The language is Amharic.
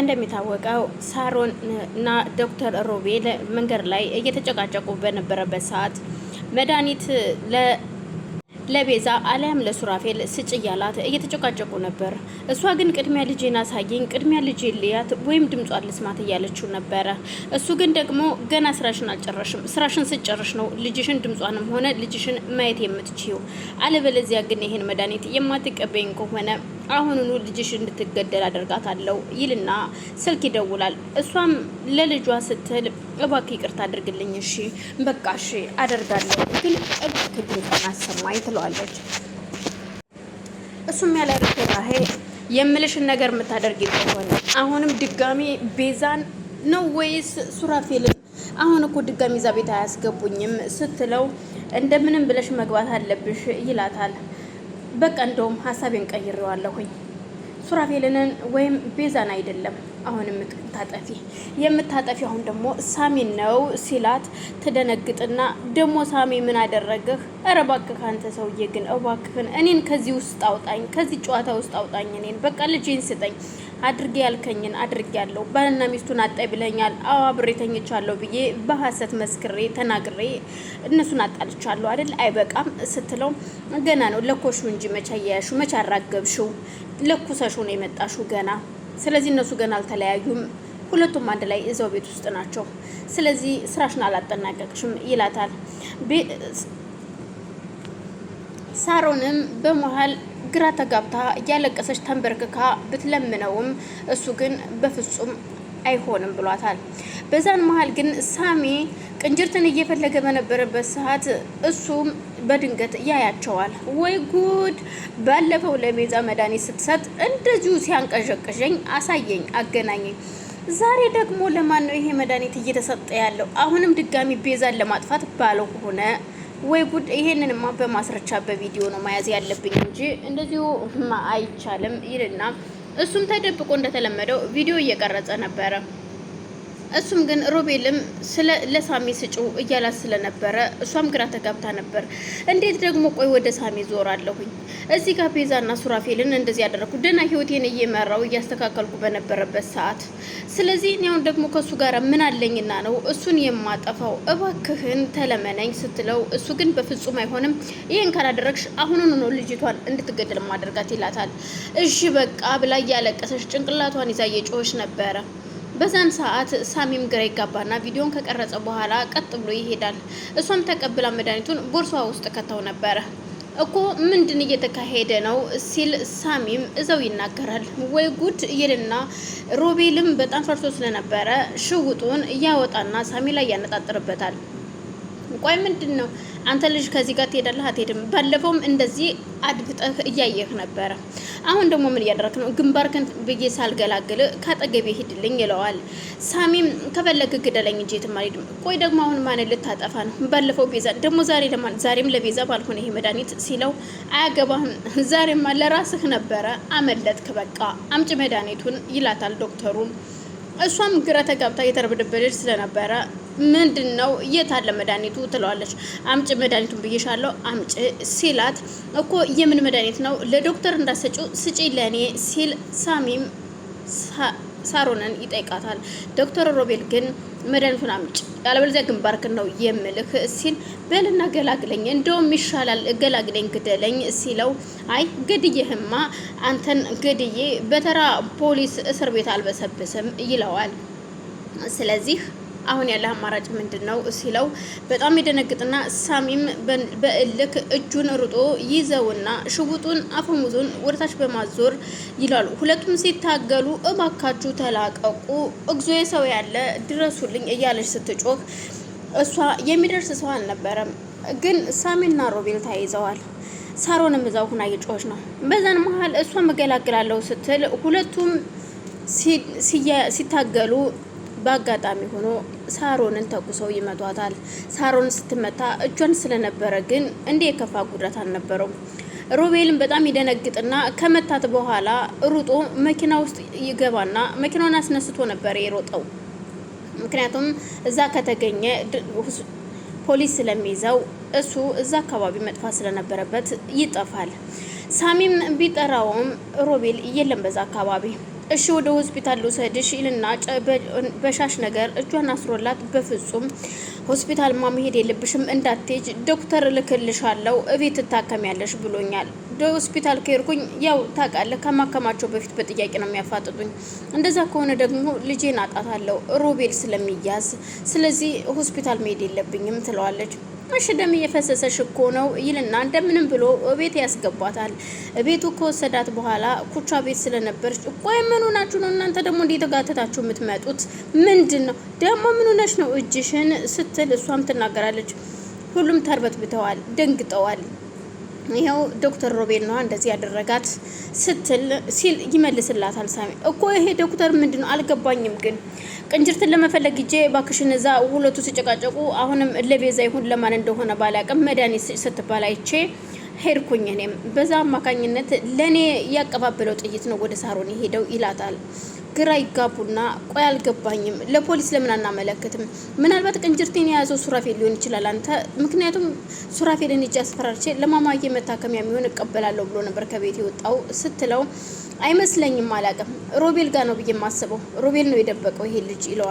እንደሚታወቀው ሳሮን እና ዶክተር ሮቤል መንገድ ላይ እየተጨቃጨቁ በነበረበት ሰዓት መድኃኒት ለቤዛ አሊያም ለሱራፌል ስጭ እያላት እየተጨቃጨቁ ነበር። እሷ ግን ቅድሚያ ልጄን አሳየኝ፣ ቅድሚያ ልጄን ልያት ወይም ድምጿን ልስማት እያለችው ነበረ። እሱ ግን ደግሞ ገና ስራሽን አልጨረሽም፣ ስራሽን ስጨርሽ ነው ልጅሽን ድምጿንም ሆነ ልጅሽን ማየት የምትችው፣ አለበለዚያ ግን ይህን መድኃኒት የማትቀበኝ ከሆነ አሁኑኑ ልጅሽ እንድትገደል አደርጋታለሁ ይልና ስልክ ይደውላል። እሷም ለልጇ ስትል እባክህ ይቅርታ አድርግልኝ፣ እሺ በቃ እሺ አደርጋለሁ፣ ግን እባክህ ድምፅህን አሰማኝ ትለዋለች። እሱም ያለ ርህራሄ የምልሽን ነገር የምታደርጊ ከሆነ አሁንም ድጋሚ ቤዛን ነው ወይስ ሱራፌልን? አሁን እኮ ድጋሚ እዛ ቤት አያስገቡኝም ስትለው እንደምንም ብለሽ መግባት አለብሽ ይላታል። በቃ እንደውም ሀሳቤን ቀይሬዋለሁኝ ሱራፌልንን ወይም ቤዛን አይደለም አሁን የምታጠፊ የምታጠፊ አሁን ደግሞ ሳሚን ነው ሲላት ትደነግጥና ደግሞ ሳሚ ምን አደረገህ? ኧረ እባክህ አንተ ሰውዬ ግን እባክህን እኔን ከዚህ ውስጥ አውጣኝ፣ ከዚህ ጨዋታ ውስጥ አውጣኝ፣ እኔን በቃ ልጄን ስጠኝ። አድርጌ ያልከኝን አድርጌ ያለው ባልና ሚስቱን አጣይ ብለኛል። አዎ አብሬ ተኝቻለሁ ብዬ በሐሰት መስክሬ ተናግሬ እነሱን አጣልቻለሁ አይደል? አይበቃም ስትለው ገና ነው ለኮሹ እንጂ መቼ መቻራገብሹ ለኩሰሹ ነው የመጣሹ ገና ስለዚህ እነሱ ገና አልተለያዩም። ሁለቱም አንድ ላይ እዛው ቤት ውስጥ ናቸው። ስለዚህ ስራሽን አላጠናቀቅሽም ይላታል። ሳሮንም በመሀል ግራ ተጋብታ እያለቀሰች ተንበርክካ ብትለምነውም እሱ ግን በፍጹም አይሆንም ብሏታል። በዛን መሀል ግን ሳሚ ቅንጅርትን እየፈለገ በነበረበት ሰዓት እሱም በድንገት ያያቸዋል። ወይ ጉድ! ባለፈው ለቤዛ መድኃኒት ስትሰጥ እንደዚሁ ሲያንቀዠቅዠኝ አሳየኝ፣ አገናኘኝ። ዛሬ ደግሞ ለማን ነው ይሄ መድኃኒት እየተሰጠ ያለው? አሁንም ድጋሚ ቤዛን ለማጥፋት ባለው ሆነ። ወይ ጉድ! ይሄንንማ በማስረቻ በቪዲዮ ነው መያዝ ያለብኝ እንጂ እንደዚሁ አይቻልም ይልና እሱም ተደብቆ እንደተለመደው ቪዲዮ እየቀረጸ ነበረ። እሱም ግን ሮቤልም ስለ ለሳሚ ስጩ እያላት ስለነበረ እሷም ግራ ተጋብታ ነበር። እንዴት ደግሞ ቆይ ወደ ሳሚ ዞራለሁኝ እዚህ ጋር ቤዛና ሱራፌልን እንደዚህ ያደረግኩ ደህና ህይወቴን እየመራው እያስተካከልኩ በነበረበት ሰዓት፣ ስለዚህ እኔ አሁን ደግሞ ከእሱ ጋር ምን አለኝና ነው እሱን የማጠፋው? እባክህን ተለመነኝ ስትለው እሱ ግን በፍጹም አይሆንም፣ ይህን ካላደረግሽ አሁኑን ነው ልጅቷን እንድትገደል ማደርጋት ይላታል። እሺ በቃ ብላ እያለቀሰች ጭንቅላቷን ይዛ እየጮኸች ነበረ። በዛን ሰዓት ሳሚም ግራ ይጋባና ቪዲዮን ከቀረጸ በኋላ ቀጥ ብሎ ይሄዳል። እሷም ተቀብላ መድኃኒቱን ቦርሷ ውስጥ ከተው ነበረ። እኮ ምንድን እየተካሄደ ነው ሲል ሳሚም እዘው ይናገራል። ወይ ጉድ ይልና ሮቤልም በጣም ፈርቶ ስለነበረ ሽውጡን ያወጣና ሳሚ ላይ ያነጣጥርበታል። ቆይ ምንድን ነው አንተ ልጅ ከዚህ ጋር ትሄዳለህ አትሄድም? ባለፈውም እንደዚህ አድብጠህ እያየህ ነበረ። አሁን ደግሞ ምን እያደረክ ነው? ግንባርክን ብዬ ሳልገላግል ካጠገቤ ሂድልኝ ይለዋል። ሳሚም ከፈለግ ግደለኝ እንጂ የትም አልሄድም። ቆይ ደግሞ አሁን ማንን ልታጠፋ ነው? ባለፈው ቤዛ ደግሞ ዛሬ ለማን ዛሬም ለቤዛ ባልሆነ ይሄ መድኃኒት ሲለው አያገባህም፣ ዛሬማ ለራስህ ነበረ አመለጥክ። በቃ አምጭ መድኃኒቱን ይላታል ዶክተሩ። እሷም ግራ ተጋብታ የተረበደበደች ስለነበረ ምንድን ነው የት አለ መድኃኒቱ ትለዋለች። አምጭ መድኃኒቱን ብዬሻለሁ አምጭ ሲላት እኮ የምን መድኃኒት ነው ለዶክተር እንዳሰጩ ስጪ ለእኔ ሲል ሳሚም ሳሮንን ይጠይቃታል። ዶክተር ሮቤል ግን መድኃኒቱን አምጭ ያለበለዚያ ግንባርክን ነው የምልህ ሲል በልና ገላግለኝ፣ እንደውም ይሻላል ገላግለኝ፣ ግደለኝ ሲለው አይ ገድዬህማ አንተን ግድዬ በተራ ፖሊስ እስር ቤት አልበሰብስም ይለዋል። ስለዚህ አሁን ያለ አማራጭ ምንድን ነው ሲለው በጣም ይደነግጥና ሳሚም በእልክ እጁን ሩጦ ይዘውና ሽጉጡን አፈሙዙን ወደታች በማዞር ይላሉ። ሁለቱም ሲታገሉ እባካችሁ ተላቀቁ፣ እግዞ ሰው ያለ ድረሱልኝ እያለች ስትጮህ እሷ የሚደርስ ሰው አልነበረም። ግን ሳሚና ሮቤል ተያይዘዋል። ሳሮንም እዛው ሁና እየጮች ነው። በዛን መሀል እሷ መገላግላለሁ ስትል ሁለቱም ሲታገሉ በአጋጣሚ ሆኖ ሳሮንን ተኩሰው ይመቷታል። ሳሮን ስትመታ እጇን ስለነበረ ግን እንደ የከፋ ጉዳት አልነበረውም። ሮቤልን በጣም ይደነግጥና ከመታት በኋላ ሩጦ መኪና ውስጥ ይገባና መኪናውን አስነስቶ ነበር የሮጠው። ምክንያቱም እዛ ከተገኘ ፖሊስ ስለሚይዘው እሱ እዛ አካባቢ መጥፋት ስለነበረበት ይጠፋል። ሳሚም ቢጠራውም ሮቤል የለም በዛ አካባቢ እሺ ወደ ሆስፒታል ልውሰድሽ ይልና በሻሽ ነገር እጇን አስሮላት፣ በፍጹም ሆስፒታልማ መሄድ የለብሽም እንዳትሄጅ ዶክተር እልክልሻለሁ እቤት ትታከሚያለሽ ብሎኛል። ሆስፒታል ከሄድኩኝ ያው ታውቃለህ፣ ከማከማቸው በፊት በጥያቄ ነው የሚያፋጥጡኝ። እንደዛ ከሆነ ደግሞ ልጄን አጣታለሁ ሮቤል ስለሚያዝ፣ ስለዚህ ሆስፒታል መሄድ የለብኝም ትለዋለች። እሺ ደም እየፈሰሰሽ እኮ ነው ይልና እንደምንም ብሎ ቤት ያስገባታል። ቤቱ ከወሰዳት በኋላ ኩቻ ቤት ስለነበረች ቆይ ምኑ ናችሁ ነው እናንተ ደግሞ ተጋተታችሁ የምትመጡት ምንድን ነው ደግሞ ምኑ ነሽ ነው እጅሽን ስትል እሷም ትናገራለች። ሁሉም ብተዋል፣ ደንግጠዋል። ይኸው ዶክተር ሮቤል ነዋ እንደዚህ ያደረጋት ስትል ሲል ይመልስላታል። ሳሚ እኮ ይሄ ዶክተር ምንድን ነው አልገባኝም ግን ቅንጅርትን ለመፈለግ ጊዜ ባክሽን እዛ ሁለቱ ሲጨቃጨቁ አሁንም ለቤዛ ይሁን ለማን እንደሆነ ባላቅም መድኃኒት ስትባል አይቼ ሄድኩኝ እኔም በዛ አማካኝነት ለእኔ ያቀባበለው ጥይት ነው ወደ ሳሮን የሄደው ይላታል። ግራ ይጋቡና ቆይ አልገባኝም፣ ለፖሊስ ለምን አናመለክትም? ምናልባት ቅንጅርቴን የያዘው ሱራፌል ሊሆን ይችላል አንተ። ምክንያቱም ሱራፌልን እጅ አስፈራርቼ ለማማዬ መታከሚያ የሚሆን እቀበላለሁ ብሎ ነበር ከቤት የወጣው ስትለው፣ አይመስለኝም፣ አላቅም፣ ሮቤል ጋር ነው ብዬ የማስበው፣ ሮቤል ነው የደበቀው ይሄ ልጅ ይለዋል።